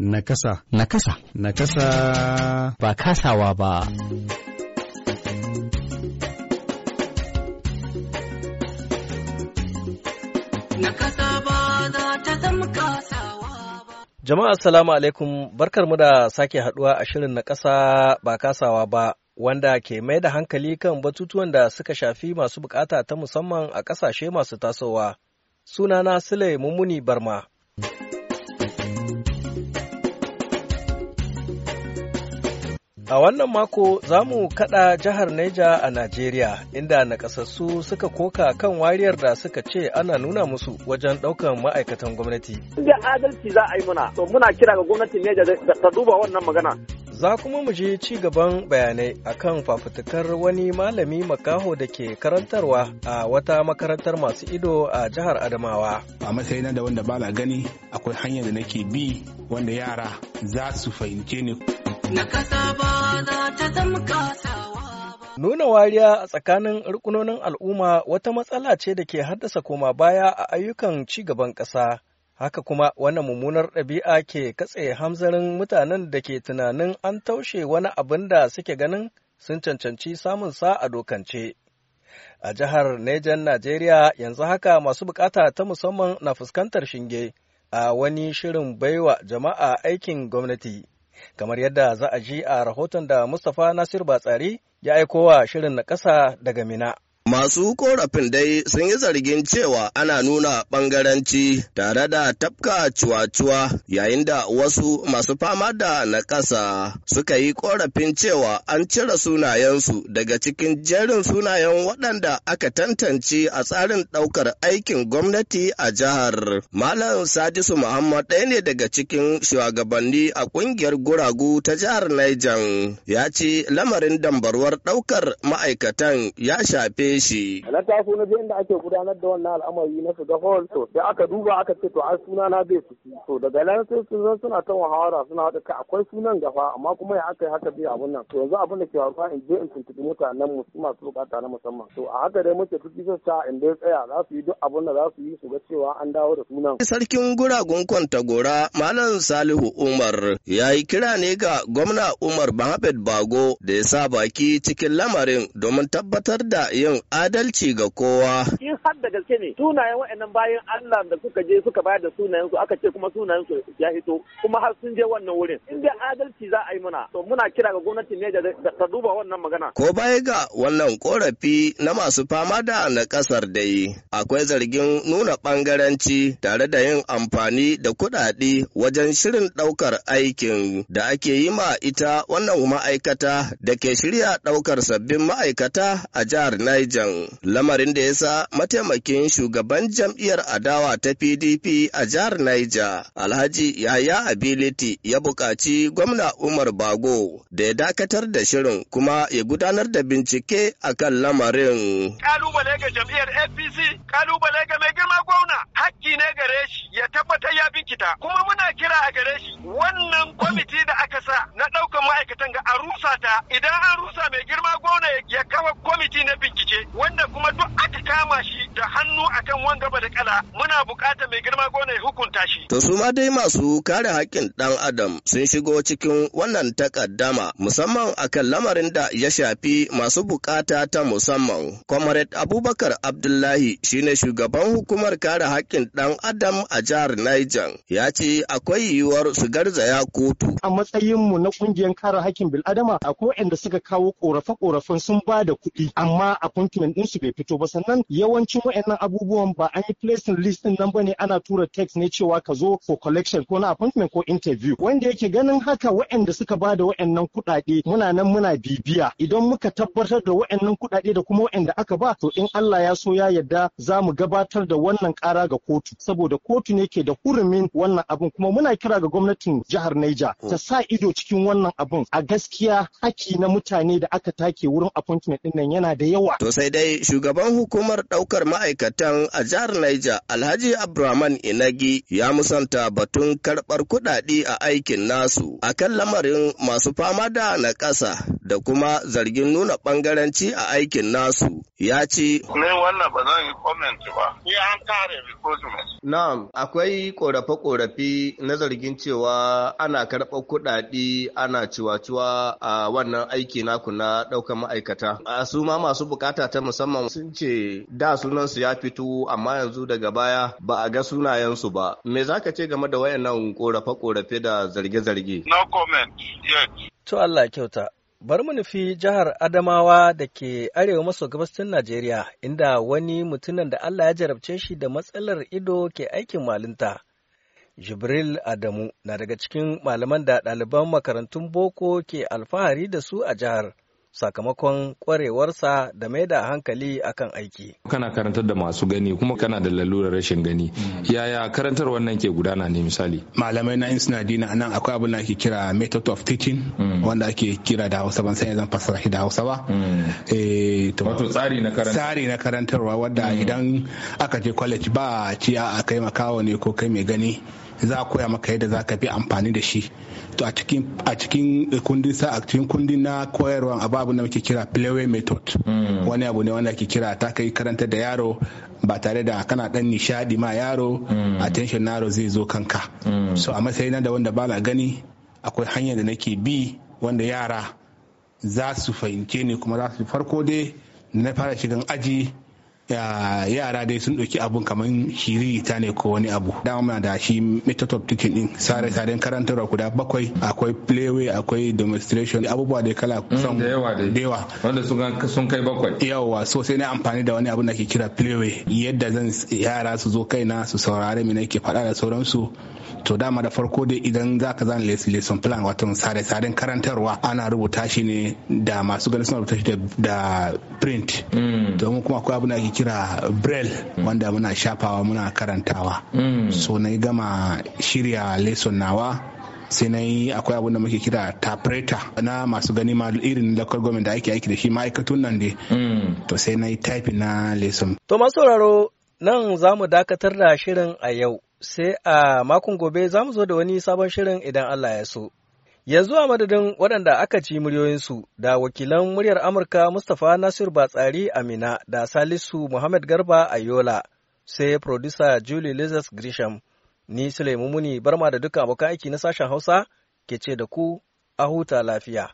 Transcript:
Nakasa. Nakasa. Nakasa. Ba kasawa ba. Nakasa ba za ta zama kasawa ba. Jama'a assalamu alaikum mu da sake haduwa a shirin na ƙasa ba kasawa ba wanda ke mai da hankali kan batutuwan da suka shafi masu bukata ta musamman a ƙasashe masu tasowa. Sunana Sule Mummuni Barma. A wannan mako za mu kaɗa jihar Neja a Najeriya inda nakasassu suka koka kan wariyar da suka ce ana nuna musu wajen ɗaukan ma'aikatan gwamnati. Inda adalci za a yi muna, to muna kira ga gwamnatin Neja ta duba wannan magana. Za kuma mu je ci gaban bayanai akan fafutukar wani malami makaho da ke karantarwa a wata makarantar masu ido a jihar Adamawa. A matsayina da wanda bala gani akwai hanyar da nake bi wanda yara za su fahimce ni. Nuna wariya a tsakanin rukunonin al'umma wata matsala ce da ke haddasa koma baya a ayyukan ci gaban ƙasa. Haka kuma wannan mummunar ɗabi'a ke katse hamzarin mutanen da ke tunanin an taushe wani abin da suke ganin sun cancanci samun sa a dokance. A jihar Nejan Najeriya yanzu haka masu bukata ta musamman na fuskantar shinge a wani shirin baiwa jama'a aikin gwamnati. kamar yadda za a ji a rahoton da Mustapha Nasiru Batsari ya aiko wa shirin na daga Mina. Masu korafin dai sun yi zargin cewa ana nuna ɓangaranci tare da tafka cuwa-cuwa yayin da wasu masu fama da naƙasa suka yi korafin cewa an cire sunayensu daga cikin jerin sunayen waɗanda aka tantance a tsarin ɗaukar aikin gwamnati a jihar. Malam Sadisu Muhammad ɗaya ne daga cikin shugabanni a ƙungiyar guragu ta jihar Niger ya ce lamarin dambarwar ɗaukar ma'aikatan ya shafe shi. na sunajen da ake gudanar da wannan al'amari na shiga hall to da aka duba aka ce to an suna na bai ciki to daga nan sai sun zan suna ta wahawara suna haɗa kai akwai sunan gafa amma kuma ya aka yi haka biyu abun nan to yanzu abin da ke faruwa in je in tuntuɓi mutanen masu bukata na musamman to a haka dai muke tuki sa in dai tsaya za su yi duk abin da za su yi su ga cewa an dawo da sunan. Sarkin guragun Kwantagora Malam Salihu Umar ya yi kira ne ga gwamna Umar Mohammed Bago da ya sa baki cikin lamarin domin tabbatar da yin adalci ga kowa. har da gaske ne sunayen wa'annan bayan Allah da suka je suka bayar da sunayen su aka ce kuma sunayen su ya hito kuma har sun je wannan wurin in dai adalci za a yi muna to muna kira ga gwamnati ne da ta duba wannan magana ko baya ga wannan korafi na masu fama da na kasar yi, akwai zargin nuna bangaranci tare da yin amfani da kuɗaɗe wajen shirin ɗaukar aikin da ake yi ma ita wannan ma'aikata da ke shirya ɗaukar sabbin ma'aikata a jihar Niger lamarin da ya sa mata mataimakin shugaban jam'iyyar adawa ta PDP a jihar Niger, Alhaji yaya Ability ya buƙaci gwamna Umar Bago da ya dakatar da shirin kuma ya gudanar da bincike akan lamarin. Kalubale ga jam'iyyar APC, kalubale ga da kala muna buƙatar mai girma gona ya hukunta shi. To su ma dai masu kare haƙƙin ɗan adam sun shigo cikin wannan takaddama musamman a kan lamarin da ya shafi masu buƙata ta musamman. Comrade Abubakar Abdullahi shine shugaban hukumar kare haƙƙin ɗan adam a jihar Niger ya ce akwai yiwuwar su garzaya kotu. A matsayinmu na ƙungiyar kare haƙƙin bil'adama akwai waɗanda suka kawo ƙorafe-ƙorafen sun ba da kuɗi amma a appointment ɗinsu bai fito ba sannan yawancin waɗannan abubuwan form ba an yi placing list din nan bane ana tura text ne cewa ka zo for collection ko na appointment ko interview wanda yake ganin haka waɗanda suka ba da waɗannan kuɗaɗe muna nan muna bibiya idan muka tabbatar da waɗannan kuɗaɗe da kuma waɗanda aka ba to in Allah ya so ya yarda za mu gabatar da wannan ƙara ga kotu saboda kotu ne ke da hurumin wannan abun kuma muna kira ga gwamnatin jihar Niger ta hmm. sa ido cikin wannan abun a gaskiya haki na mutane da aka take wurin appointment din nan yana da yawa to sai dai shugaban hukumar ɗaukar ma'aikatan a jihar Niger Alhaji Abraman Inagi ya musanta batun karɓar kuɗaɗe a aikin nasu a kan lamarin masu fama da na ƙasa da kuma zargin nuna ɓangaranci a aikin nasu ya ce. Ne wannan ba zan yi comment ba. an kare rikosimus. Na'am, akwai korafe-korafe na zargin cewa ana karɓar kuɗaɗe ana ciwa a wannan aiki naku na ɗaukar ma'aikata. A su ma masu bukata ta musamman sun ce da sunansu ya fito amma yanzu daga baya ba a ga sunayensu ba. Me za ka ce game da wayannan korafe-korafe da zarge-zarge? No comment yes. To Allah kyauta. Bari mu nufi jihar Adamawa da ke arewa maso gabashin Najeriya, inda wani mutumin da Allah ya jarabce shi da matsalar ido ke aikin malinta. Jibril Adamu na daga cikin malaman da ɗaliban makarantun boko ke alfahari da su a jihar. sakamakon kwarewarsa da mai da hankali akan aiki. Kana karantar da masu gani kuma kana da lalurar rashin gani. Mm. Yaya karantar wannan ke gudana ne misali? Malamai na suna dina nan akwai abin da ake kira method of teaching mm. wanda ake kira da Hausa ban san zan fassara shi da Hausa ba. Mm. Eh, Wato tsari na karantarwa. Tsari na karantarwa wadda idan aka je college ba ci a kai makawo ne ko kai mai gani. za a koya maka yadda za ka bi amfani da shi to a cikin kundi kundin sa a cikin kundin na koyarwa a babu muke kira playway method hmm. wani abu ne wanda ke kira ta kai karanta da yaro ba tare da kana dan nishadi ma yaro hmm. attention yaro zai zo kanka hmm. so a matsayin da wanda ba na gani akwai hanyar da nake bi wanda yara za su fahimce ni kuma za su farko dai na fara shigan aji yara dai sun ɗauki abun kamar shiri ta ne ko wani abu dama muna da shi metatop of din sare saren karantarwa guda bakwai akwai playway akwai demonstration abubuwa mm, da kala kusan da yawa wanda sun kai bakwai yawa so sai na amfani da wani abu da ke kira playway yadda zan yara su zo kaina su saurare me nake faɗa da sauransu to dama da farko dai idan za ka zan lesson plan wato sare saren karantarwa ana rubuta shi ne da masu ganin suna rubuta shi da print mm. domin kuma akwai abu da ke kira braille wanda muna shafawa muna karantawa mm. so na gama shirya lesson nawa sai na yi akwai abin da muke kira tapreta na masu gani ma irin local government da ake aiki da shi ma'aikatun nan dai mm. to sai na yi typing na lesson. to masu sauraro nan za mu dakatar da shirin a yau sai a makon gobe za mu zo da wani sabon shirin idan allah ya so Yanzu a madadin waɗanda aka ci muryoyinsu da wakilan muryar Amurka Mustapha Nasiru Batsari Amina da Salisu Muhammad Garba Ayola Yola sai producer Julie Lizas Grisham ni Sulaimu Muni barma da dukkan abokan aiki na sashen Hausa ke ce da ku a huta lafiya.